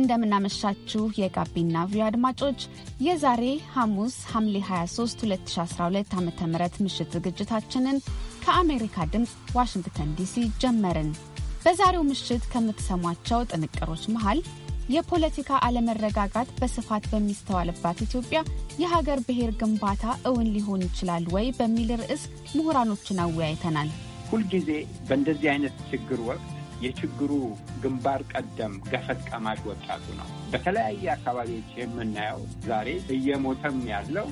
እንደምናመሻችሁ የጋቢና ቪዮ አድማጮች የዛሬ ሐሙስ ሐምሌ 23 2012 ዓ ም ምሽት ዝግጅታችንን ከአሜሪካ ድምፅ ዋሽንግተን ዲሲ ጀመርን። በዛሬው ምሽት ከምትሰሟቸው ጥንቅሮች መሃል የፖለቲካ አለመረጋጋት በስፋት በሚስተዋልባት ኢትዮጵያ የሀገር ብሔር ግንባታ እውን ሊሆን ይችላል ወይ በሚል ርዕስ ምሁራኖችን አወያይተናል። ሁልጊዜ በእንደዚህ አይነት ችግር ወቅት የችግሩ ግንባር ቀደም ገፈት ቀማሽ ወጣቱ ነው። በተለያየ አካባቢዎች የምናየው ዛሬ እየሞተም ያለው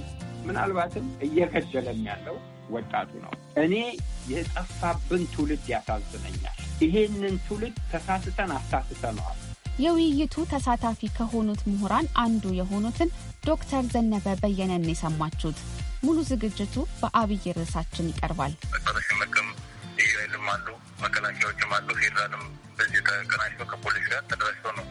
ምናልባትም እየገደለም ያለው ወጣቱ ነው። እኔ የጠፋብን ትውልድ ያሳዝነኛል። ይሄንን ትውልድ ተሳስተን አሳስተነዋል። የውይይቱ ተሳታፊ ከሆኑት ምሁራን አንዱ የሆኑትን ዶክተር ዘነበ በየነን የሰማችሁት። ሙሉ ዝግጅቱ በአብይ ርዕሳችን ይቀርባል። ፖሊስም አሉ፣ መከላከያዎችም አሉ፣ ፌዴራልም በዚህ ተቀናጅተው ከፖሊስ ጋር ተደራጅተው ነው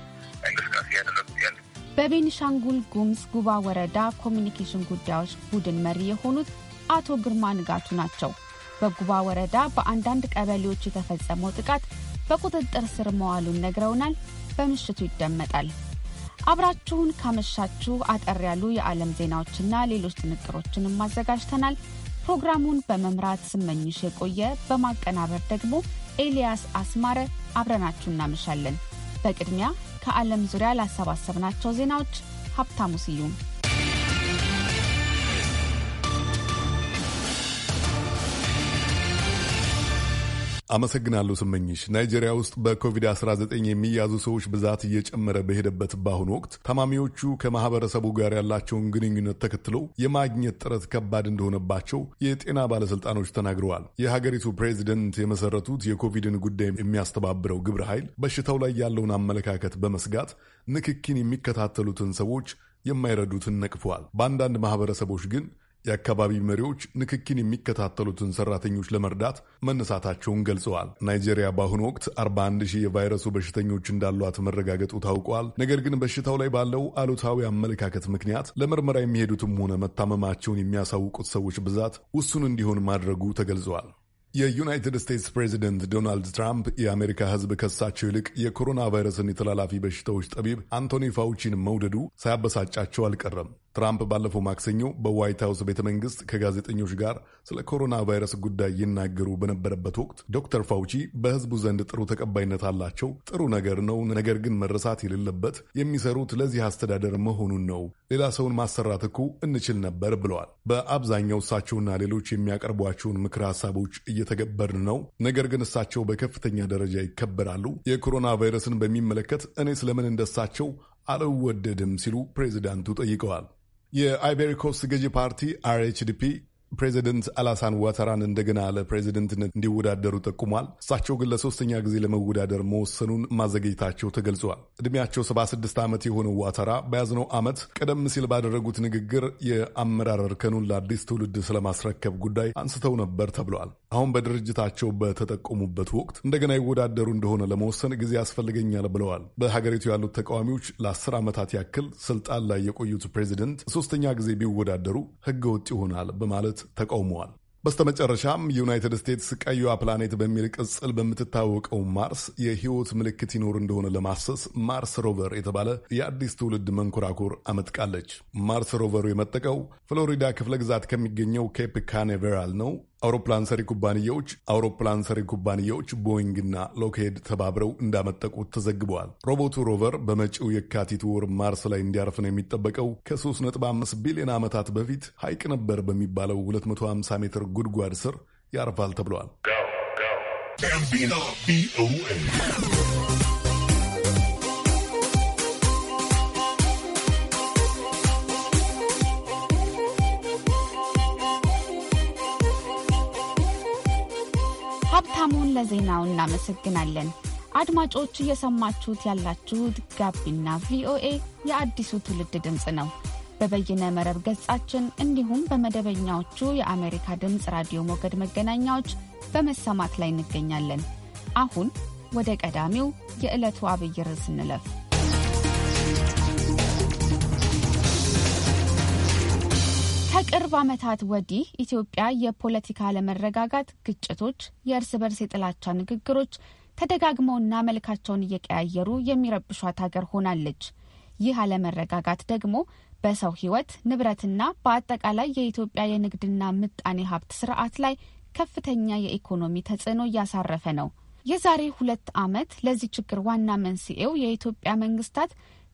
እንቅስቃሴ ያደረጉት ያለ በቤኒሻንጉል ጉምዝ ጉባ ወረዳ ኮሚኒኬሽን ጉዳዮች ቡድን መሪ የሆኑት አቶ ግርማ ንጋቱ ናቸው። በጉባ ወረዳ በአንዳንድ ቀበሌዎች የተፈጸመው ጥቃት በቁጥጥር ስር መዋሉን ነግረውናል። በምሽቱ ይደመጣል። አብራችሁን ካመሻችሁ አጠር ያሉ የዓለም ዜናዎችና ሌሎች ጥንቅሮችንም አዘጋጅተናል። ፕሮግራሙን በመምራት ስመኝሽ የቆየ በማቀናበር ደግሞ ኤልያስ አስማረ አብረናችሁ እናመሻለን። በቅድሚያ ከዓለም ዙሪያ ላሰባሰብናቸው ዜናዎች ሀብታሙ ስዩም አመሰግናለሁ ስመኝሽ። ናይጄሪያ ውስጥ በኮቪድ-19 የሚያዙ ሰዎች ብዛት እየጨመረ በሄደበት በአሁኑ ወቅት ታማሚዎቹ ከማህበረሰቡ ጋር ያላቸውን ግንኙነት ተከትሎ የማግኘት ጥረት ከባድ እንደሆነባቸው የጤና ባለስልጣኖች ተናግረዋል። የሀገሪቱ ፕሬዚደንት የመሰረቱት የኮቪድን ጉዳይ የሚያስተባብረው ግብረ ኃይል በሽታው ላይ ያለውን አመለካከት በመስጋት ንክኪን የሚከታተሉትን ሰዎች የማይረዱትን ነቅፈዋል። በአንዳንድ ማህበረሰቦች ግን የአካባቢ መሪዎች ንክኪን የሚከታተሉትን ሰራተኞች ለመርዳት መነሳታቸውን ገልጸዋል። ናይጄሪያ በአሁኑ ወቅት 41 ሺህ የቫይረሱ በሽተኞች እንዳሏት መረጋገጡ ታውቋል። ነገር ግን በሽታው ላይ ባለው አሉታዊ አመለካከት ምክንያት ለምርመራ የሚሄዱትም ሆነ መታመማቸውን የሚያሳውቁት ሰዎች ብዛት ውሱን እንዲሆን ማድረጉ ተገልጸዋል። የዩናይትድ ስቴትስ ፕሬዚደንት ዶናልድ ትራምፕ የአሜሪካ ሕዝብ ከሳቸው ይልቅ የኮሮና ቫይረስን የተላላፊ በሽታዎች ጠቢብ አንቶኒ ፋውቺን መውደዱ ሳያበሳጫቸው አልቀረም። ትራምፕ ባለፈው ማክሰኞ በዋይት ሀውስ ቤተ መንግስት ከጋዜጠኞች ጋር ስለ ኮሮና ቫይረስ ጉዳይ ይናገሩ በነበረበት ወቅት ዶክተር ፋውቺ በህዝቡ ዘንድ ጥሩ ተቀባይነት አላቸው፣ ጥሩ ነገር ነው፣ ነገር ግን መረሳት የሌለበት የሚሰሩት ለዚህ አስተዳደር መሆኑን ነው። ሌላ ሰውን ማሰራት እኮ እንችል ነበር ብለዋል። በአብዛኛው እሳቸውና ሌሎች የሚያቀርቧቸውን ምክር ሀሳቦች እየተገበርን ነው፣ ነገር ግን እሳቸው በከፍተኛ ደረጃ ይከበራሉ። የኮሮና ቫይረስን በሚመለከት እኔ ስለምን እንደሳቸው አልወደድም ሲሉ ፕሬዚዳንቱ ጠይቀዋል። የአይቤሪኮስት ገዢ ፓርቲ አርኤችዲፒ ፕሬዚደንት አላሳን ዋተራን እንደገና ለፕሬዚደንትነት እንዲወዳደሩ ጠቁሟል። እሳቸው ግን ለሶስተኛ ጊዜ ለመወዳደር መወሰኑን ማዘግየታቸው ተገልጿል። እድሜያቸው 76 ዓመት የሆነው ዋተራ በያዝነው ዓመት ቀደም ሲል ባደረጉት ንግግር የአመራር እርከኑን ለአዲስ ትውልድ ስለማስረከብ ጉዳይ አንስተው ነበር ተብሏል። አሁን በድርጅታቸው በተጠቆሙበት ወቅት እንደገና ይወዳደሩ እንደሆነ ለመወሰን ጊዜ ያስፈልገኛል ብለዋል። በሀገሪቱ ያሉት ተቃዋሚዎች ለአስር ዓመታት ያክል ስልጣን ላይ የቆዩት ፕሬዚደንት ሶስተኛ ጊዜ ቢወዳደሩ ህገ ወጥ ይሆናል በማለት ተቃውመዋል። በስተመጨረሻም ዩናይትድ ስቴትስ ቀዩዋ ፕላኔት በሚል ቅጽል በምትታወቀው ማርስ የህይወት ምልክት ይኖር እንደሆነ ለማሰስ ማርስ ሮቨር የተባለ የአዲስ ትውልድ መንኮራኩር አመጥቃለች። ማርስ ሮቨሩ የመጠቀው ፍሎሪዳ ክፍለ ግዛት ከሚገኘው ኬፕ ካኔቬራል ነው። አውሮፕላን ሰሪ ኩባንያዎች አውሮፕላን ሰሪ ኩባንያዎች ቦይንግና ሎክሄድ ተባብረው እንዳመጠቁት ተዘግበዋል። ሮቦቱ ሮቨር በመጪው የካቲት ወር ማርስ ላይ እንዲያርፍ ነው የሚጠበቀው። ከ3.5 ቢሊዮን ዓመታት በፊት ሐይቅ ነበር በሚባለው 250 ሜትር ጉድጓድ ስር ያርፋል ተብሏል። ሀብታሙን ለዜናው እናመሰግናለን። አድማጮች እየሰማችሁት ያላችሁት ጋቢና ቪኦኤ የአዲሱ ትውልድ ድምፅ ነው። በበይነ መረብ ገጻችን እንዲሁም በመደበኛዎቹ የአሜሪካ ድምፅ ራዲዮ ሞገድ መገናኛዎች በመሰማት ላይ እንገኛለን። አሁን ወደ ቀዳሚው የዕለቱ አብይ ርዕስ እንለፍ። ከቅርብ ዓመታት ወዲህ ኢትዮጵያ የፖለቲካ አለመረጋጋት፣ ግጭቶች፣ የእርስ በርስ የጥላቻ ንግግሮች ተደጋግመውና መልካቸውን እየቀያየሩ የሚረብሿት ሀገር ሆናለች። ይህ አለመረጋጋት ደግሞ በሰው ሕይወት ንብረትና በአጠቃላይ የኢትዮጵያ የንግድና ምጣኔ ሀብት ስርዓት ላይ ከፍተኛ የኢኮኖሚ ተጽዕኖ እያሳረፈ ነው። የዛሬ ሁለት ዓመት ለዚህ ችግር ዋና መንስኤው የኢትዮጵያ መንግስታት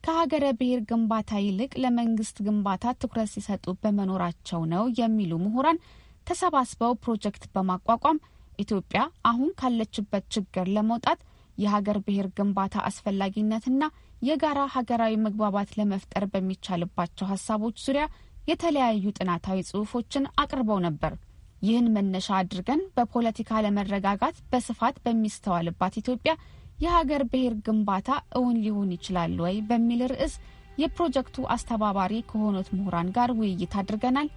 ከሀገረ ብሔር ግንባታ ይልቅ ለመንግስት ግንባታ ትኩረት ሲሰጡ በመኖራቸው ነው የሚሉ ምሁራን ተሰባስበው ፕሮጀክት በማቋቋም ኢትዮጵያ አሁን ካለችበት ችግር ለመውጣት የሀገር ብሔር ግንባታ አስፈላጊነትና የጋራ ሀገራዊ መግባባት ለመፍጠር በሚቻልባቸው ሀሳቦች ዙሪያ የተለያዩ ጥናታዊ ጽሁፎችን አቅርበው ነበር። ይህን መነሻ አድርገን በፖለቲካ ለመረጋጋት በስፋት በሚስተዋልባት ኢትዮጵያ የሀገር ብሔር ግንባታ እውን ሊሆን ይችላል ወይ በሚል ርዕስ የፕሮጀክቱ አስተባባሪ ከሆኑት ምሁራን ጋር ውይይት አድርገናል።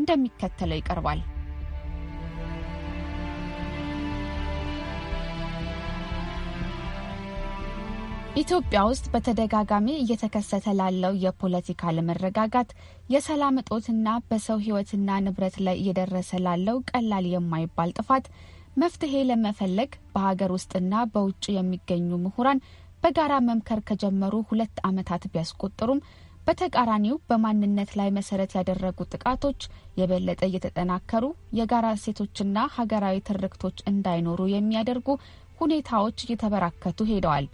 እንደሚከተለው ይቀርባል። ኢትዮጵያ ውስጥ በተደጋጋሚ እየተከሰተ ላለው የፖለቲካ አለመረጋጋት፣ የሰላም እጦትና በሰው ሕይወትና ንብረት ላይ እየደረሰ ላለው ቀላል የማይባል ጥፋት መፍትሄ ለመፈለግ በሀገር ውስጥና በውጭ የሚገኙ ምሁራን በጋራ መምከር ከጀመሩ ሁለት ዓመታት ቢያስቆጥሩም በተቃራኒው በማንነት ላይ መሰረት ያደረጉ ጥቃቶች የበለጠ እየተጠናከሩ የጋራ እሴቶችና ሀገራዊ ትርክቶች እንዳይኖሩ የሚያደርጉ ሁኔታዎች እየተበራከቱ ሄደዋል።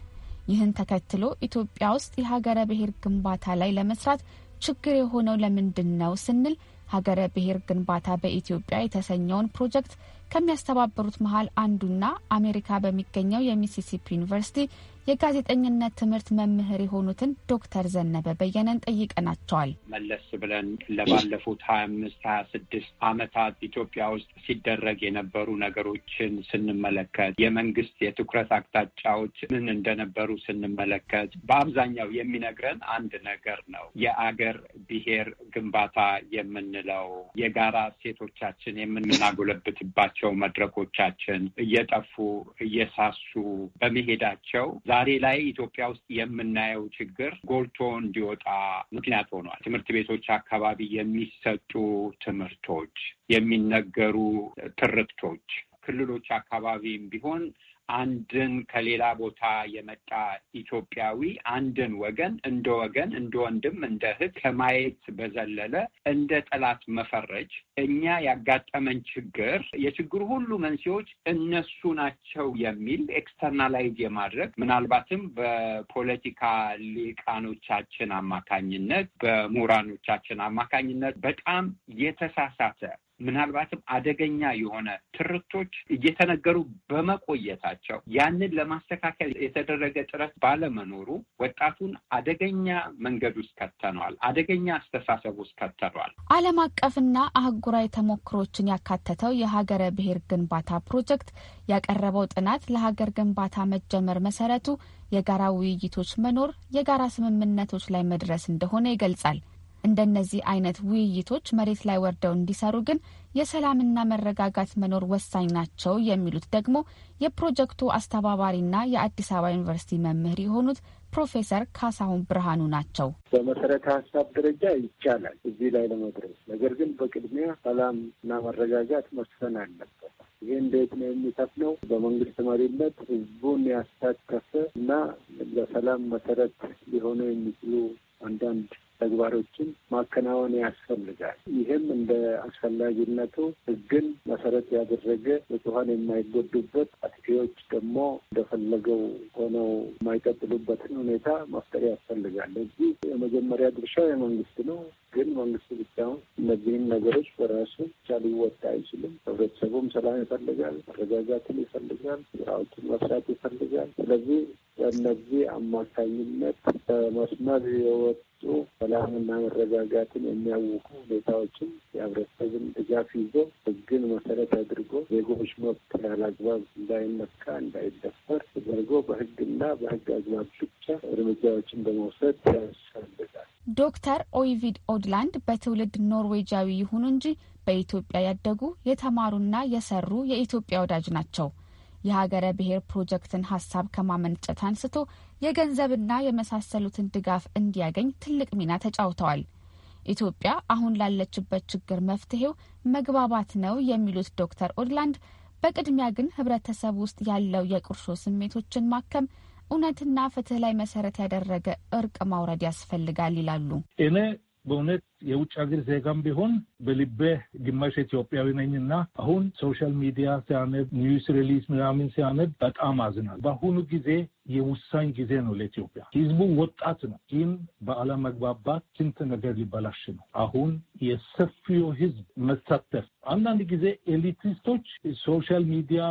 ይህን ተከትሎ ኢትዮጵያ ውስጥ የሀገረ ብሔር ግንባታ ላይ ለመስራት ችግር የሆነው ለምንድን ነው ስንል ሀገረ ብሔር ግንባታ በኢትዮጵያ የተሰኘውን ፕሮጀክት ከሚያስተባበሩት መሀል አንዱና አሜሪካ በሚገኘው የሚሲሲፒ ዩኒቨርሲቲ የጋዜጠኝነት ትምህርት መምህር የሆኑትን ዶክተር ዘነበ በየነን ጠይቀናቸዋል። መለስ ብለን ለባለፉት ሀያ አምስት ሀያ ስድስት ዓመታት ኢትዮጵያ ውስጥ ሲደረግ የነበሩ ነገሮችን ስንመለከት የመንግስት የትኩረት አቅጣጫዎች ምን እንደነበሩ ስንመለከት በአብዛኛው የሚነግረን አንድ ነገር ነው። የአገር ብሔር ግንባታ የምንለው የጋራ እሴቶቻችን የምናጎለብትባቸው የምንላቸው መድረኮቻችን እየጠፉ እየሳሱ በመሄዳቸው ዛሬ ላይ ኢትዮጵያ ውስጥ የምናየው ችግር ጎልቶ እንዲወጣ ምክንያት ሆኗል። ትምህርት ቤቶች አካባቢ የሚሰጡ ትምህርቶች፣ የሚነገሩ ትርክቶች ክልሎች አካባቢም ቢሆን አንድን ከሌላ ቦታ የመጣ ኢትዮጵያዊ አንድን ወገን እንደ ወገን እንደ ወንድም እንደ እህት ከማየት በዘለለ እንደ ጠላት መፈረጅ፣ እኛ ያጋጠመን ችግር የችግሩ ሁሉ መንስኤዎች እነሱ ናቸው የሚል ኤክስተርናላይዝ የማድረግ ምናልባትም በፖለቲካ ሊቃኖቻችን አማካኝነት፣ በምሁራኖቻችን አማካኝነት በጣም የተሳሳተ ምናልባትም አደገኛ የሆነ ትርክቶች እየተነገሩ በመቆየታቸው ያንን ለማስተካከል የተደረገ ጥረት ባለመኖሩ ወጣቱን አደገኛ መንገድ ውስጥ ከተነዋል። አደገኛ አስተሳሰብ ውስጥ ከተነዋል። ዓለም አቀፍና አህጉራዊ ተሞክሮችን ያካተተው የሀገረ ብሔር ግንባታ ፕሮጀክት ያቀረበው ጥናት ለሀገር ግንባታ መጀመር መሰረቱ የጋራ ውይይቶች መኖር፣ የጋራ ስምምነቶች ላይ መድረስ እንደሆነ ይገልጻል። እንደነዚህ አይነት ውይይቶች መሬት ላይ ወርደው እንዲሰሩ ግን የሰላምና መረጋጋት መኖር ወሳኝ ናቸው የሚሉት ደግሞ የፕሮጀክቱ አስተባባሪና የአዲስ አበባ ዩኒቨርሲቲ መምህር የሆኑት ፕሮፌሰር ካሳሁን ብርሃኑ ናቸው። በመሰረተ ሀሳብ ደረጃ ይቻላል እዚህ ላይ ለመድረስ። ነገር ግን በቅድሚያ ሰላም እና መረጋጋት መስፈን አለበት። ይህ እንዴት ነው የሚሰፍነው? በመንግስት መሪነት ህዝቡን ያሳተፈ እና ለሰላም መሰረት ሊሆኑ የሚችሉ አንዳንድ ተግባሮችን ማከናወን ያስፈልጋል። ይህም እንደ አስፈላጊነቱ ሕግን መሰረት ያደረገ ንጹሐን የማይጎዱበት አጥፊዎች ደግሞ እንደፈለገው ሆነው የማይቀጥሉበትን ሁኔታ መፍጠር ያስፈልጋል። እዚህ የመጀመሪያ ድርሻ የመንግስት ነው። ግን መንግስት ብቻውን እነዚህን ነገሮች በራሱ ብቻ ሊወጣ አይችልም። ህብረተሰቡም ሰላም ይፈልጋል፣ መረጋጋትን ይፈልጋል፣ ስራዎችን መስራት ይፈልጋል። ስለዚህ በእነዚህ አማካኝነት በመስመር የወጡ ሰላምና መረጋጋትን የሚያውቁ ሁኔታዎችን የህብረተሰብን ድጋፍ ይዞ ህግን መሰረት አድርጎ ዜጎች መብት ያለአግባብ እንዳይነካ እንዳይደፈር ተደርጎ በህግና በህግ አግባብ ብቻ እርምጃዎችን በመውሰድ ያስፈልጋል። ዶክተር ኦይቪድ ኦድላንድ በትውልድ ኖርዌጃዊ ይሁኑ እንጂ በኢትዮጵያ ያደጉ የተማሩና የሰሩ የኢትዮጵያ ወዳጅ ናቸው። የሀገረ ብሔር ፕሮጀክትን ሀሳብ ከማመንጨት አንስቶ የገንዘብና የመሳሰሉትን ድጋፍ እንዲያገኝ ትልቅ ሚና ተጫውተዋል። ኢትዮጵያ አሁን ላለችበት ችግር መፍትሄው መግባባት ነው የሚሉት ዶክተር ኦድላንድ በቅድሚያ ግን ህብረተሰብ ውስጥ ያለው የቁርሾ ስሜቶችን ማከም እውነትና ፍትህ ላይ መሰረት ያደረገ እርቅ ማውረድ ያስፈልጋል ይላሉ። እኔ በእውነት የውጭ ሀገር ዜጋም ቢሆን በልቤ ግማሽ ኢትዮጵያዊ ነኝ እና አሁን ሶሻል ሚዲያ ሲያነብ ኒውስ ሪሊዝ ምናምን ሲያነብ በጣም አዝናል። በአሁኑ ጊዜ የውሳኝ ጊዜ ነው ለኢትዮጵያ። ህዝቡ ወጣት ነው። ይህም በአለመግባባት ስንት ነገር ሊበላሽ ነው። አሁን የሰፊው ህዝብ መሳተፍ አንዳንድ ጊዜ ኤሊቲስቶች ሶሻል ሚዲያ፣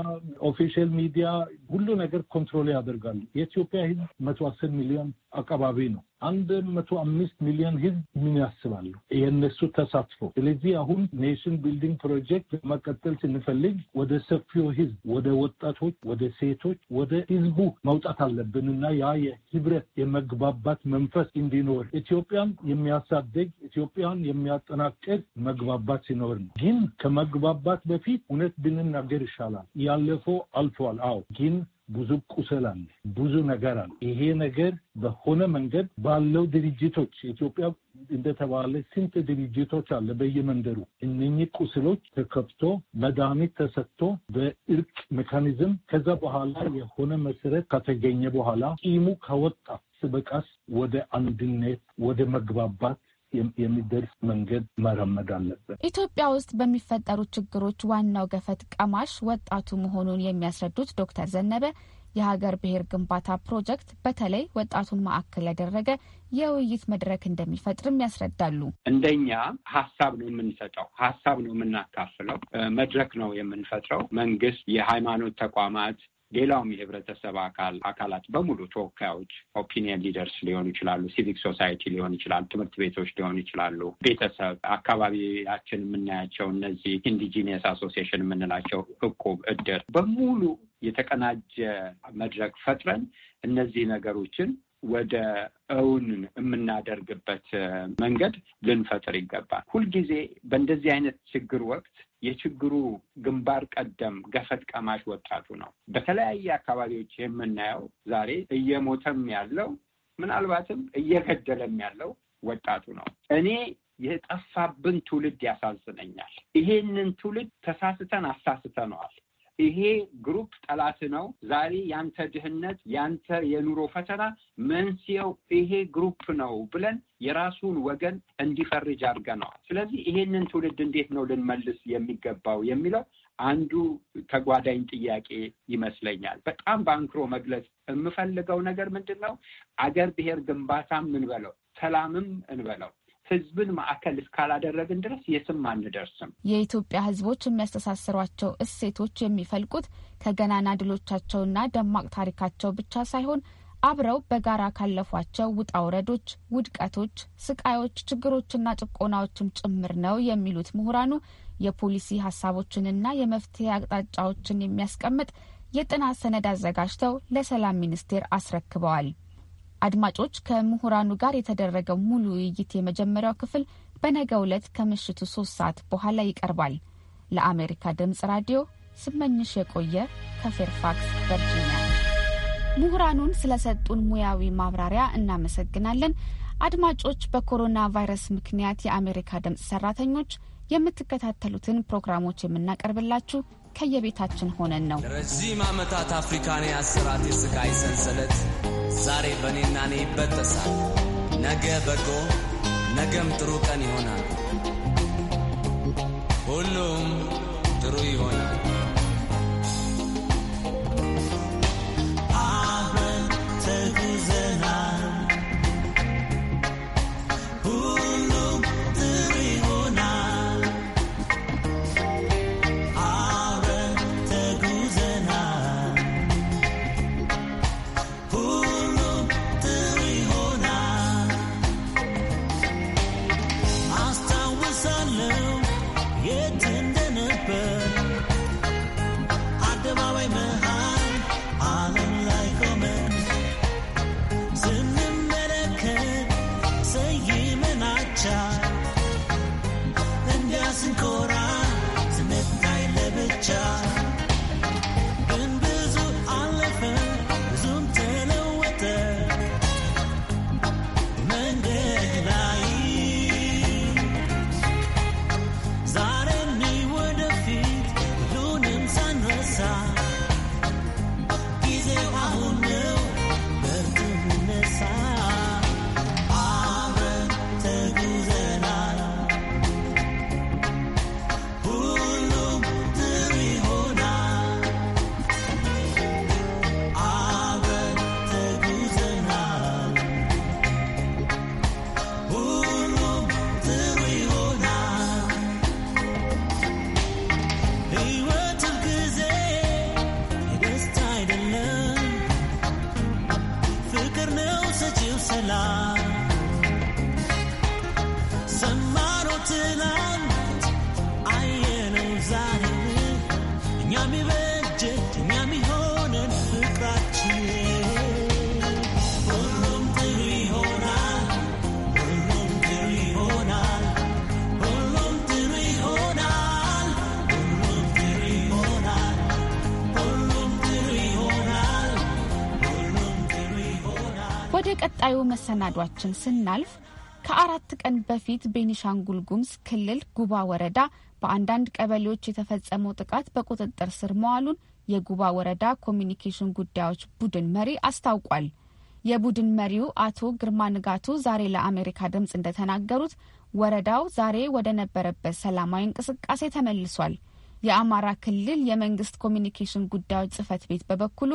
ኦፊሻል ሚዲያ ሁሉ ነገር ኮንትሮል ያደርጋሉ። የኢትዮጵያ ህዝብ መቶ አስር ሚሊዮን አካባቢ ነው። አንድ መቶ አምስት ሚሊዮን ህዝብ ምን ያስባል። የእነሱ ተሳትፎ። ስለዚህ አሁን ኔሽን ቢልዲንግ ፕሮጀክት መቀጠል ስንፈልግ ወደ ሰፊው ህዝብ፣ ወደ ወጣቶች፣ ወደ ሴቶች፣ ወደ ህዝቡ መውጣት አለብን እና ያ የህብረት የመግባባት መንፈስ እንዲኖር ኢትዮጵያን የሚያሳድግ ኢትዮጵያን የሚያጠናቅር መግባባት ሲኖር ነው። ግን ከመግባባት በፊት እውነት ብንናገር ይሻላል። ያለፈው አልፏል። አዎ ግን ብዙ ቁስል አለ፣ ብዙ ነገር አለ። ይሄ ነገር በሆነ መንገድ ባለው ድርጅቶች ኢትዮጵያ እንደተባለ ስንት ድርጅቶች አለ በየመንደሩ። እነኚህ ቁስሎች ተከፍቶ መድኃኒት ተሰጥቶ በእርቅ ሜካኒዝም ከዛ በኋላ የሆነ መሰረት ከተገኘ በኋላ ቂሙ ከወጣ ቀስ በቀስ ወደ አንድነት ወደ መግባባት የሚደርስ መንገድ መረመድ አለበት። ኢትዮጵያ ውስጥ በሚፈጠሩ ችግሮች ዋናው ገፈት ቀማሽ ወጣቱ መሆኑን የሚያስረዱት ዶክተር ዘነበ የሀገር ብሔር ግንባታ ፕሮጀክት በተለይ ወጣቱን ማዕከል ያደረገ የውይይት መድረክ እንደሚፈጥርም ያስረዳሉ። እንደኛ ሀሳብ ነው የምንሰጠው፣ ሀሳብ ነው የምናካፍለው፣ መድረክ ነው የምንፈጥረው። መንግስት፣ የሃይማኖት ተቋማት፣ ሌላውም የህብረተሰብ አካል አካላት በሙሉ ተወካዮች፣ ኦፒኒየን ሊደርስ ሊሆኑ ይችላሉ፣ ሲቪክ ሶሳይቲ ሊሆን ይችላል፣ ትምህርት ቤቶች ሊሆኑ ይችላሉ፣ ቤተሰብ፣ አካባቢያችን የምናያቸው እነዚህ ኢንዲጂኒየስ አሶሲሽን የምንላቸው እቁብ፣ እድር በሙሉ የተቀናጀ መድረክ ፈጥረን እነዚህ ነገሮችን ወደ እውን የምናደርግበት መንገድ ልንፈጥር ይገባል። ሁልጊዜ በእንደዚህ አይነት ችግር ወቅት የችግሩ ግንባር ቀደም ገፈት ቀማሽ ወጣቱ ነው። በተለያየ አካባቢዎች የምናየው ዛሬ እየሞተም ያለው ምናልባትም እየገደለም ያለው ወጣቱ ነው። እኔ የጠፋብን ትውልድ ያሳዝነኛል። ይሄንን ትውልድ ተሳስተን አሳስተነዋል። ይሄ ግሩፕ ጠላት ነው። ዛሬ ያንተ ድህነት፣ ያንተ የኑሮ ፈተና መንስኤው ይሄ ግሩፕ ነው ብለን የራሱን ወገን እንዲፈርጅ አድርገነዋል። ስለዚህ ይሄንን ትውልድ እንዴት ነው ልንመልስ የሚገባው የሚለው አንዱ ተጓዳኝ ጥያቄ ይመስለኛል። በጣም በአንክሮ መግለጽ የምፈልገው ነገር ምንድን ነው አገር ብሔር ግንባታም እንበለው ሰላምም እንበለው ህዝብን ማዕከል እስካላደረግን ድረስ የትም አንደርስም። የኢትዮጵያ ህዝቦች የሚያስተሳስሯቸው እሴቶች የሚፈልቁት ከገናና ድሎቻቸውና ደማቅ ታሪካቸው ብቻ ሳይሆን አብረው በጋራ ካለፏቸው ውጣ ውረዶች፣ ውድቀቶች፣ ስቃዮች፣ ችግሮችና ጭቆናዎችም ጭምር ነው የሚሉት ምሁራኑ የፖሊሲ ሀሳቦችንና የመፍትሄ አቅጣጫዎችን የሚያስቀምጥ የጥናት ሰነድ አዘጋጅተው ለሰላም ሚኒስቴር አስረክበዋል። አድማጮች ከምሁራኑ ጋር የተደረገው ሙሉ ውይይት የመጀመሪያው ክፍል በነገ ዕለት ከምሽቱ ሶስት ሰዓት በኋላ ይቀርባል። ለአሜሪካ ድምፅ ራዲዮ ስመኝሽ የቆየ ከፌርፋክስ ቨርጂኒያ። ምሁራኑን ስለሰጡን ሙያዊ ማብራሪያ እናመሰግናለን። አድማጮች በኮሮና ቫይረስ ምክንያት የአሜሪካ ድምፅ ሰራተኞች የምትከታተሉትን ፕሮግራሞች የምናቀርብላችሁ ከየቤታችን ሆነን ነው። ለረዥም ዓመታት አፍሪካን የአስራት የስቃይ ሰንሰለት ዛሬ በእኔና እኔ ይበጠሳል። ነገ በጎ ነገም ጥሩ ቀን ይሆናል። ሁሉም ጥሩ ይሆናል። Zoom. ቀጣዩ መሰናዷችን ስናልፍ ከአራት ቀን በፊት ቤኒሻንጉል ጉሙዝ ክልል ጉባ ወረዳ በአንዳንድ ቀበሌዎች የተፈጸመው ጥቃት በቁጥጥር ስር መዋሉን የጉባ ወረዳ ኮሚኒኬሽን ጉዳዮች ቡድን መሪ አስታውቋል። የቡድን መሪው አቶ ግርማ ንጋቱ ዛሬ ለአሜሪካ ድምፅ እንደተናገሩት ወረዳው ዛሬ ወደ ነበረበት ሰላማዊ እንቅስቃሴ ተመልሷል። የአማራ ክልል የመንግስት ኮሚኒኬሽን ጉዳዮች ጽህፈት ቤት በበኩሉ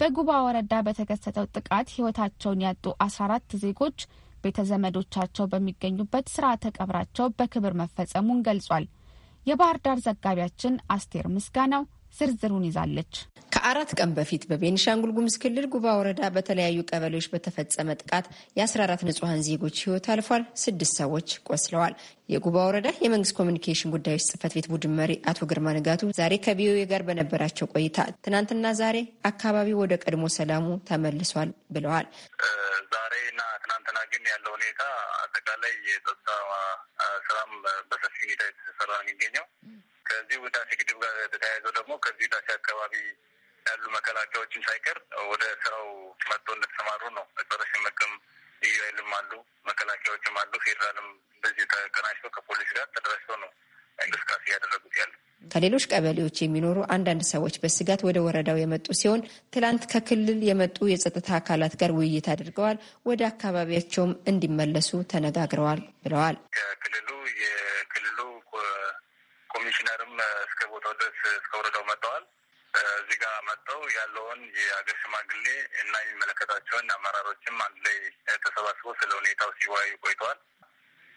በጉባ ወረዳ በተከሰተው ጥቃት ሕይወታቸውን ያጡ አስራ አራት ዜጎች ቤተዘመዶቻቸው በሚገኙበት ስርዓተ ቀብራቸው በክብር መፈጸሙን ገልጿል። የባህር ዳር ዘጋቢያችን አስቴር ምስጋናው ዝርዝሩን ይዛለች። ከአራት ቀን በፊት በቤኒሻንጉል ጉምዝ ክልል ጉባ ወረዳ በተለያዩ ቀበሌዎች በተፈጸመ ጥቃት የ14 ንጹሐን ዜጎች ህይወት አልፏል። ስድስት ሰዎች ቆስለዋል። የጉባ ወረዳ የመንግስት ኮሚኒኬሽን ጉዳዮች ጽህፈት ቤት ቡድን መሪ አቶ ግርማ ንጋቱ ዛሬ ከቪኦኤ ጋር በነበራቸው ቆይታ ትናንትና ዛሬ አካባቢ ወደ ቀድሞ ሰላሙ ተመልሷል ብለዋል። ዛሬና ትናንትና ግን ያለው ሁኔታ አጠቃላይ የጸጥታ ስራም በሰፊ ሁኔታ የተሰራ የሚገኘው ከዚህ ውዳሴ ግድብ ጋር የተያያዘው ደግሞ ከዚህ ውዳሴ አካባቢ ያሉ መከላከያዎችን ሳይቀር ወደ ስራው መጥቶ እንደተሰማሩ ነው። ጸረ ሽምቅም ልዩ ኃይልም አሉ፣ መከላከያዎችም አሉ፣ ፌዴራልም እንደዚህ ተቀናጅቶ ከፖሊስ ጋር ተደራጅቶ ነው እንቅስቃሴ ያደረጉት ያሉ ከሌሎች ቀበሌዎች የሚኖሩ አንዳንድ ሰዎች በስጋት ወደ ወረዳው የመጡ ሲሆን ትላንት ከክልል የመጡ የጸጥታ አካላት ጋር ውይይት አድርገዋል። ወደ አካባቢያቸውም እንዲመለሱ ተነጋግረዋል ብለዋል። ከክልሉ የክልሉ ኮሚሽነርም እስከ ቦታው ድረስ እስከ ወረዳው ጋ መጥተው ያለውን የሀገር ሽማግሌ እና የሚመለከታቸውን አመራሮችም አንድ ላይ ተሰባስቦ ስለ ሁኔታው ሲወያዩ ቆይተዋል።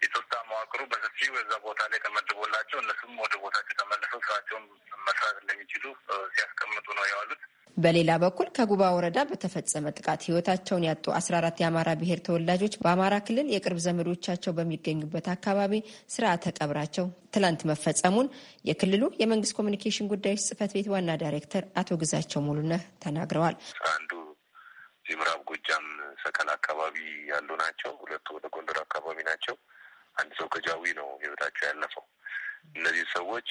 የጸጥታ መዋቅሩ በሰፊው እዛ ቦታ ላይ ተመድቦላቸው እነሱም ወደ ቦታቸው ተመልሰው ስራቸውን መስራት እንደሚችሉ ሲያስቀምጡ ነው የዋሉት። በሌላ በኩል ከጉባ ወረዳ በተፈጸመ ጥቃት ህይወታቸውን ያጡ 14 የአማራ ብሔር ተወላጆች በአማራ ክልል የቅርብ ዘመዶቻቸው በሚገኙበት አካባቢ ስርዓተ ቀብራቸው ትላንት መፈጸሙን የክልሉ የመንግስት ኮሚኒኬሽን ጉዳዮች ጽህፈት ቤት ዋና ዳይሬክተር አቶ ግዛቸው ሙሉነህ ተናግረዋል። አንዱ የምዕራብ ጎጃም ሰከላ አካባቢ ያሉ ናቸው። ሁለቱ ወደ ጎንደር አካባቢ ናቸው። አንድ ሰው ከጃዊ ነው ህይወታቸው ያለፈው። እነዚህ ሰዎች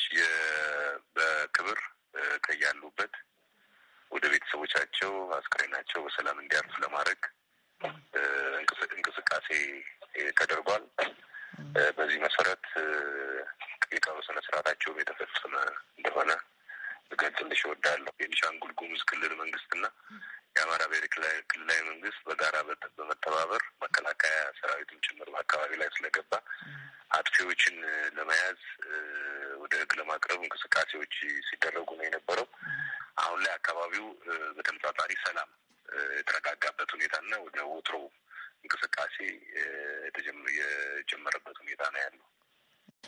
በክብር ከያሉበት ወደ ቤተሰቦቻቸው አስክሬናቸው በሰላም እንዲያርፍ ለማድረግ እንቅስቃሴ ተደርጓል። በዚህ መሰረት የቀብር ስነ ስርዓታቸውም የተፈጸመ እንደሆነ ልገልጽልሽ እወዳለሁ። የቤኒሻንጉል ጉሙዝ ክልል መንግስትና የአማራ ብሔራዊ ክልላዊ መንግስት በጋራ በመተባበር መከላከያ ሰራዊትም ጭምር በአካባቢ ላይ ስለገባ አጥፊዎችን ለመያዝ ወደ ህግ ለማቅረብ እንቅስቃሴዎች ሲደረጉ ነው የነበረው። አሁን ላይ አካባቢው በተመጣጣሪ ሰላም የተረጋጋበት ሁኔታና ወደ ወትሮ እንቅስቃሴ የጀመረበት ሁኔታ ነው ያለው።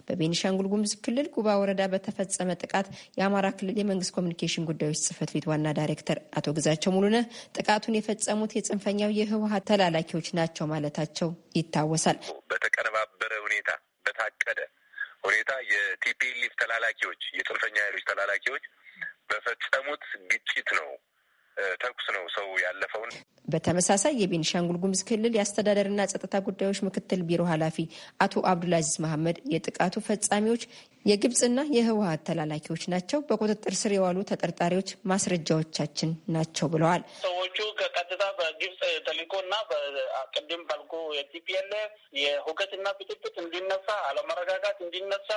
በቤኒሻንጉል ጉሙዝ ክልል ጉባ ወረዳ በተፈጸመ ጥቃት የአማራ ክልል የመንግስት ኮሚኒኬሽን ጉዳዮች ጽህፈት ቤት ዋና ዳይሬክተር አቶ ግዛቸው ሙሉነህ ጥቃቱን የፈጸሙት የጽንፈኛው የህወሀት ተላላኪዎች ናቸው ማለታቸው ይታወሳል። በተቀነባበረ ሁኔታ በታቀደ ሁኔታ የቲፒኤልኤፍ ተላላኪዎች የጽንፈኛ ኃይሎች ተላላኪዎች በፈጸሙት ግጭት ነው ተኩስ ነው ሰው ያለፈውን። በተመሳሳይ የቤኒሻንጉል ጉሙዝ ክልል የአስተዳደርና ጸጥታ ጉዳዮች ምክትል ቢሮ ኃላፊ አቶ አብዱልአዚዝ መሐመድ የጥቃቱ ፈጻሚዎች የግብፅና የህወሀት ተላላኪዎች ናቸው፣ በቁጥጥር ስር የዋሉ ተጠርጣሪዎች ማስረጃዎቻችን ናቸው ብለዋል። ሰዎቹ ከቀጥታ በግብፅ ተልእኮና በቅድም ባልኩ የቲፒኤልኤፍ የሁከትና ብጥብጥ እንዲነሳ አለመረጋጋት እንዲነሳ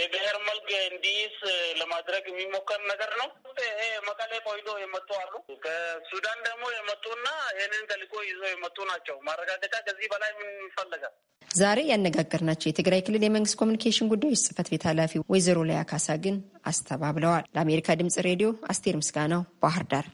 የብሔር መልክ እንዲይዝ ለማድረግ የሚሞከር ነገር ነው። ይሄ መቀሌ ቆይቶ የመጡ አሉ። ከሱዳን ደግሞ የመጡና ይህንን ተልዕኮ ይዞ የመጡ ናቸው። ማረጋገጫ ከዚህ በላይ ምን ይፈለጋል? ዛሬ ያነጋገርናቸው የትግራይ ክልል የመንግስት ኮሚኒኬሽን ጉዳዮች ጽህፈት ቤት ኃላፊ ወይዘሮ ላያ ካሳ ግን አስተባብለዋል። ለአሜሪካ ድምጽ ሬዲዮ አስቴር ምስጋናው ባህር ዳር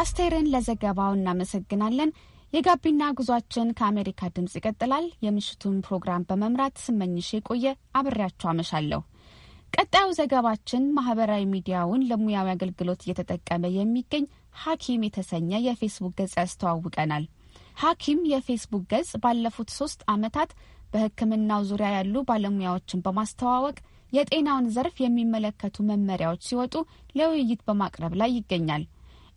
አስቴርን ለዘገባው እናመሰግናለን። የጋቢና ጉዟችን ከአሜሪካ ድምፅ ይቀጥላል። የምሽቱን ፕሮግራም በመምራት ስመኝሽ የቆየ አብሬያቸው አመሻለሁ። ቀጣዩ ዘገባችን ማህበራዊ ሚዲያውን ለሙያዊ አገልግሎት እየተጠቀመ የሚገኝ ሐኪም የተሰኘ የፌስቡክ ገጽ ያስተዋውቀናል። ሐኪም የፌስቡክ ገጽ ባለፉት ሶስት ዓመታት በሕክምናው ዙሪያ ያሉ ባለሙያዎችን በማስተዋወቅ የጤናውን ዘርፍ የሚመለከቱ መመሪያዎች ሲወጡ ለውይይት በማቅረብ ላይ ይገኛል።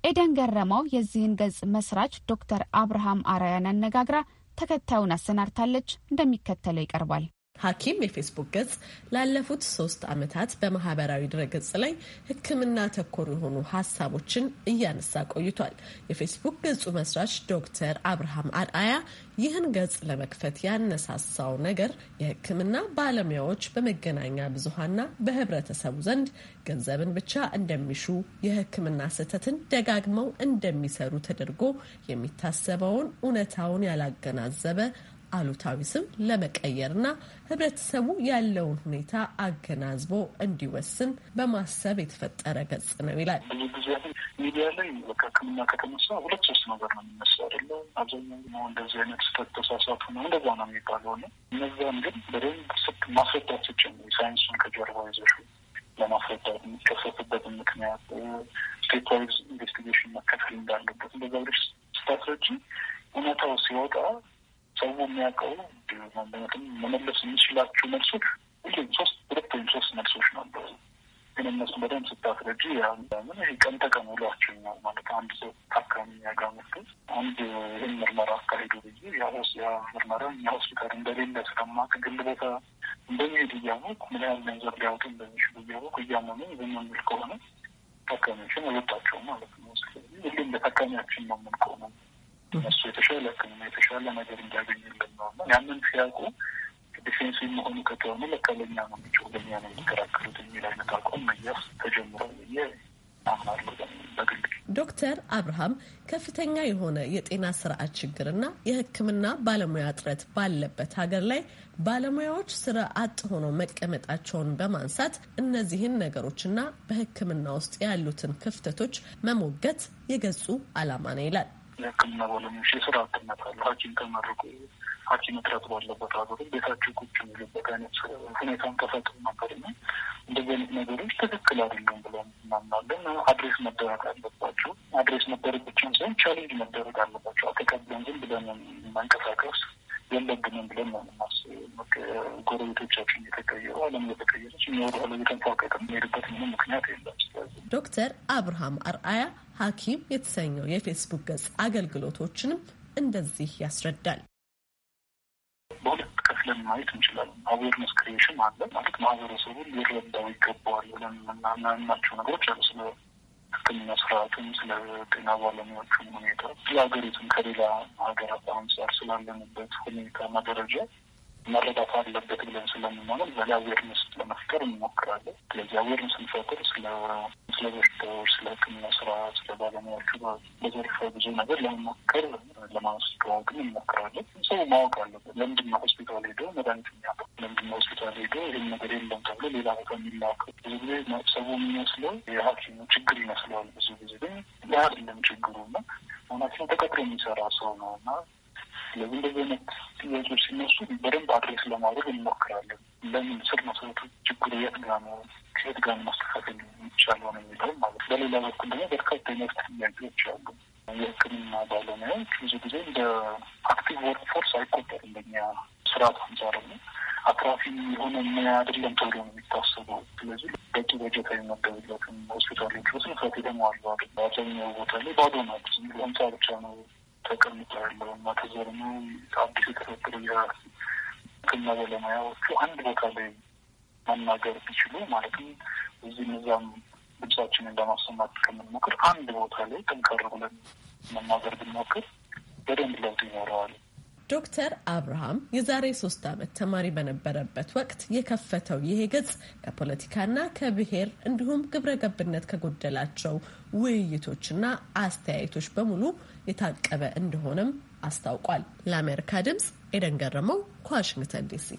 ኤደን ገረመው የዚህን ገጽ መስራች ዶክተር አብርሃም አራያን አነጋግራ ተከታዩን አሰናድታለች። እንደሚከተለው ይቀርባል። ሐኪም የፌስቡክ ገጽ ላለፉት ሶስት ዓመታት በማህበራዊ ድረገጽ ላይ ሕክምና ተኮር የሆኑ ሀሳቦችን እያነሳ ቆይቷል። የፌስቡክ ገጹ መስራች ዶክተር አብርሃም አርአያ ይህን ገጽ ለመክፈት ያነሳሳው ነገር የሕክምና ባለሙያዎች በመገናኛ ብዙኃንና በህብረተሰቡ ዘንድ ገንዘብን ብቻ እንደሚሹ፣ የሕክምና ስህተትን ደጋግመው እንደሚሰሩ ተደርጎ የሚታሰበውን እውነታውን ያላገናዘበ አሉታዊ ስም ለመቀየርና ህብረተሰቡ ያለውን ሁኔታ አገናዝቦ እንዲወስን በማሰብ የተፈጠረ ገጽ ነው ይላል። ጊዜ ሚዲያ ላይ ሕክምና ከተነሳ ሁለት ሶስት ነገር ነው የሚነሳ አደለ? አብዛኛው ነው እንደዚህ አይነት ስህተት ተሳሳቱ ነው እንደዛ ነው የሚባለው ነው። እነዛም ግን በደንብ ስት ማስረዳት ስጭም ሳይንሱን ከጀርባ ይዘሹ ለማስረዳት የሚከሰትበትን ምክንያት ስቴት ኢንቨስቲጌሽን መከፈል እንዳለበት እንደዛ ብለሽ ስታስረጂ እውነታው ሲወጣ ሰው የሚያውቀው ምክንያቱም መመለስ የሚችላችሁ መልሶች ሁሌም ሶስት ሁለት ወይም ሶስት መልሶች ነበሩ። ግን እነሱ በደንብ ምን ያምን ቀን ተቀን ነው ማለት አንድ ሰው ታካሚ ያጋመ አንድ ይህን ምርመራ አካሄዱ ብዬ ያስ ያ ምርመራ እኛ ሆስፒታል እንደሌለ ስለማቅ ግል ቦታ እንደሚሄድ እያወቅ ምን ያህል ገንዘብ ሊያወጡ እንደሚችሉ እያወቅ እያመኑ በመምል ከሆነ ታካሚዎችን አልወጣቸውም ማለት ነው። ስለዚህ ሁሌም በታካሚያችን ነው የምንቆመው እነሱ የተሻለ ሕክምና የተሻለ ነገር እንዲያገኙልን ነው። እና ያንን ሲያውቁ ዲፌንስ መሆኑ ከተሆኑ ለካ ለእኛ ነው የሚጮህ ለእኛ ነው የሚከራከሩት የሚል አይነት አቋም መያዝ ተጀምሯል ብዬ ዶክተር አብርሃም ከፍተኛ የሆነ የጤና ስርዓት ችግርና የሕክምና ባለሙያ እጥረት ባለበት ሀገር ላይ ባለሙያዎች ስራ አጥ ሆነው መቀመጣቸውን በማንሳት እነዚህን ነገሮችና በሕክምና ውስጥ ያሉትን ክፍተቶች መሞገት የገጹ ዓላማ ነው ይላል። የህክምና ባለሙያዎች የስራ አጥነት አለ። ሐኪም ከመርቁ ሐኪም እጥረት ባለበት ሀገር ቤታቸው ቁጭ የሚሉበት አይነት ሁኔታን ተፈጥሮ ነበር እና እንደዚህ አይነት ነገሮች ትክክል አይደለም ብለን እናምናለን። አድሬስ መደረግ አለባቸው። አድሬስ መደረግ ብቻም ሳይሆን ቻሌንጅ መደረግ አለባቸው። አተቀብለን ዝም ብለን መንቀሳቀስ የለብንም ብለን ነው የምናስበው። ጎረቤቶቻችን እየተቀየሩ ዓለም የተቀየረች እኛ ወደኋላ እየተንፏቀቅን የምንሄድበት ምንም ምክንያት የለም። ስለዚህ ዶክተር አብርሃም አርአያ ሐኪም የተሰኘው የፌስቡክ ገጽ አገልግሎቶችንም እንደዚህ ያስረዳል። በሁለት ከፍለን ማየት እንችላለን። አዌርነስ ክሪኤሽን አለ ማለት ማህበረሰቡን ሊረዳው ይገባዋል ብለን የምናምናቸው ነገሮች አሉ ስለ ሕክምና ስርዓቱም ስለ ጤና ባለሙያዎቹም ሁኔታ ስለ ሀገሪቱም ከሌላ ሀገራት አንጻር ስላለንበት ሁኔታ ደረጃ መረዳት አለበት ብለን ስለምናምን በዚ አዌርነስ ለመፍጠር እንሞክራለን። ስለዚህ አዌርነስ እንፈጥር ስለ ስለ በሽታዎች፣ ስለ ሕክምና ስራ፣ ስለ ባለሙያዎቹ በዘርፈ ብዙ ነገር ለመሞከር ለማስተዋወቅ እንሞክራለን። ሰው ማወቅ አለበት። ለምንድነው ሆስፒታል ሄዶ መድኃኒት የሚያውቅ? ለምንድነው ሆስፒታል ሄዶ ይህን ነገር የለም ተብሎ ሌላ ቦታ የሚላክ? ብዙ ጊዜ ሰው የሚመስለው የሐኪሙ ችግር ይመስለዋል። ብዙ ጊዜ ግን አይደለም ችግሩ እና ሆናችን ተቀጥሮ የሚሰራ ሰው ነው እና ስለዚህ እንደዚህ አይነት ጥያቄዎች ሲነሱ በደንብ አድሬስ ለማድረግ እንሞክራለን። ለምን ስር መሰረቱ ችግሩ የት ጋ ነው፣ ከየት ጋ ማስተካከል የሚቻለው ነው የሚለው ማለት። በሌላ በኩል ደግሞ በርካታ አይነት ጥያቄዎች አሉ። የሕክምና ባለሙያዎች ብዙ ጊዜ እንደ አክቲቭ ወርክ ፎርስ አይቆጠርም በኛ ስርዓት አንጻር ነው አትራፊ የሆነ ሙያ አይደለም ተብሎ ነው የሚታሰበው። ስለዚህ በቂ በጀት አይመደብለትም። ሆስፒታሎች በስነስርዓት የተሟሉ አይደለም። አብዛኛው ቦታ ላይ ባዶ ናቸው። ህንፃ ብቻ ነው ተቀምጫለሁ እና ከጀርመው አዲስ የተፈጠሩ የሕክምና ባለሙያዎቹ አንድ ቦታ ላይ መናገር ቢችሉ ማለትም እዚህ እነዛም ድምጻችንን ለማሰማት ከምንሞክር አንድ ቦታ ላይ ጠንከር ብለን መናገር ብንሞክር በደንብ ለውጥ ይኖረዋል። ዶክተር አብርሃም የዛሬ ሶስት ዓመት ተማሪ በነበረበት ወቅት የከፈተው ይሄ ገጽ ከፖለቲካና ከብሔር እንዲሁም ግብረ ገብነት ከጎደላቸው ውይይቶችና አስተያየቶች በሙሉ የታቀበ እንደሆነም አስታውቋል። ለአሜሪካ ድምፅ ኤደን ገረመው ከዋሽንግተን ዲሲ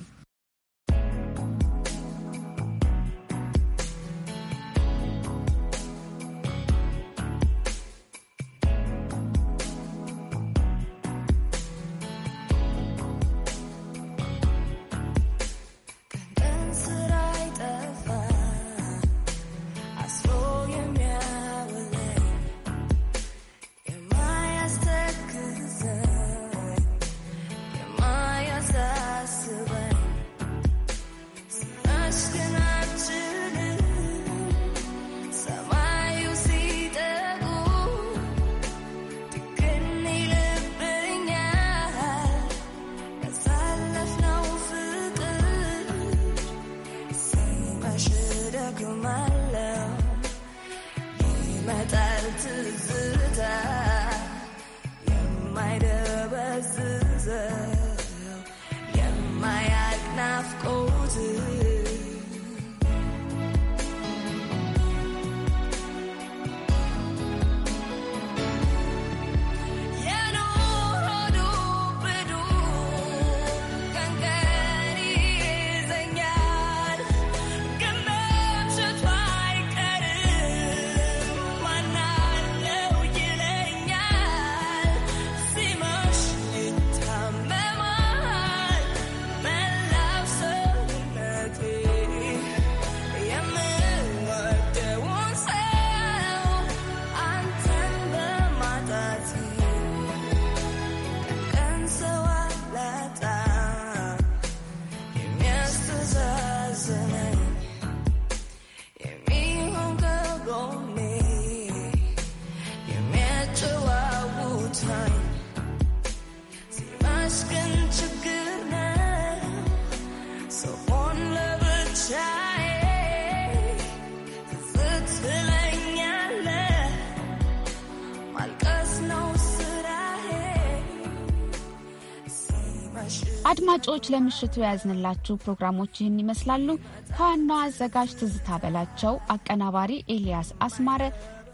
አድማጮች ለምሽቱ የያዝንላችሁ ፕሮግራሞች ይህን ይመስላሉ። ከዋናው አዘጋጅ ትዝታ በላቸው፣ አቀናባሪ ኤልያስ አስማረ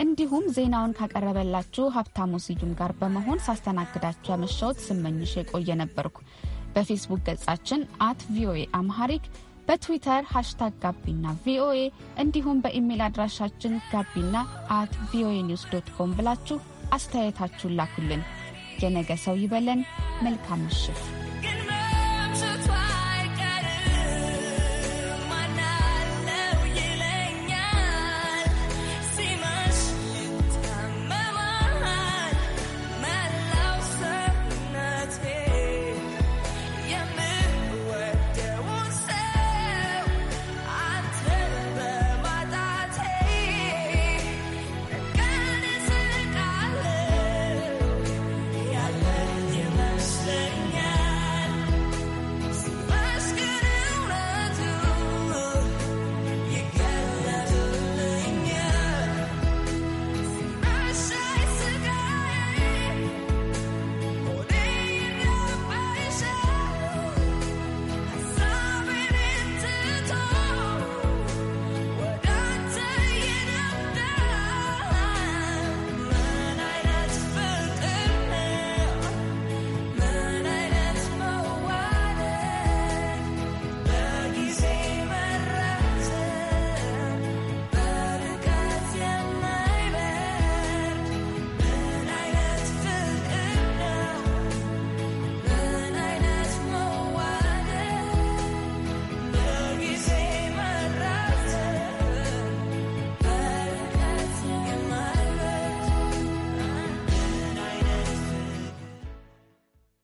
እንዲሁም ዜናውን ካቀረበላችሁ ሀብታሙ ስዩም ጋር በመሆን ሳስተናግዳችሁ ያመሻውት ስመኝሽ የቆየ ነበርኩ። በፌስቡክ ገጻችን አት ቪኦኤ አምሃሪክ በትዊተር ሃሽታግ ጋቢና ቪኦኤ እንዲሁም በኢሜይል አድራሻችን ጋቢና አት ቪኦኤ ኒውስ ዶት ኮም ብላችሁ አስተያየታችሁን ላኩልን። የነገ ሰው ይበለን። መልካም ምሽት።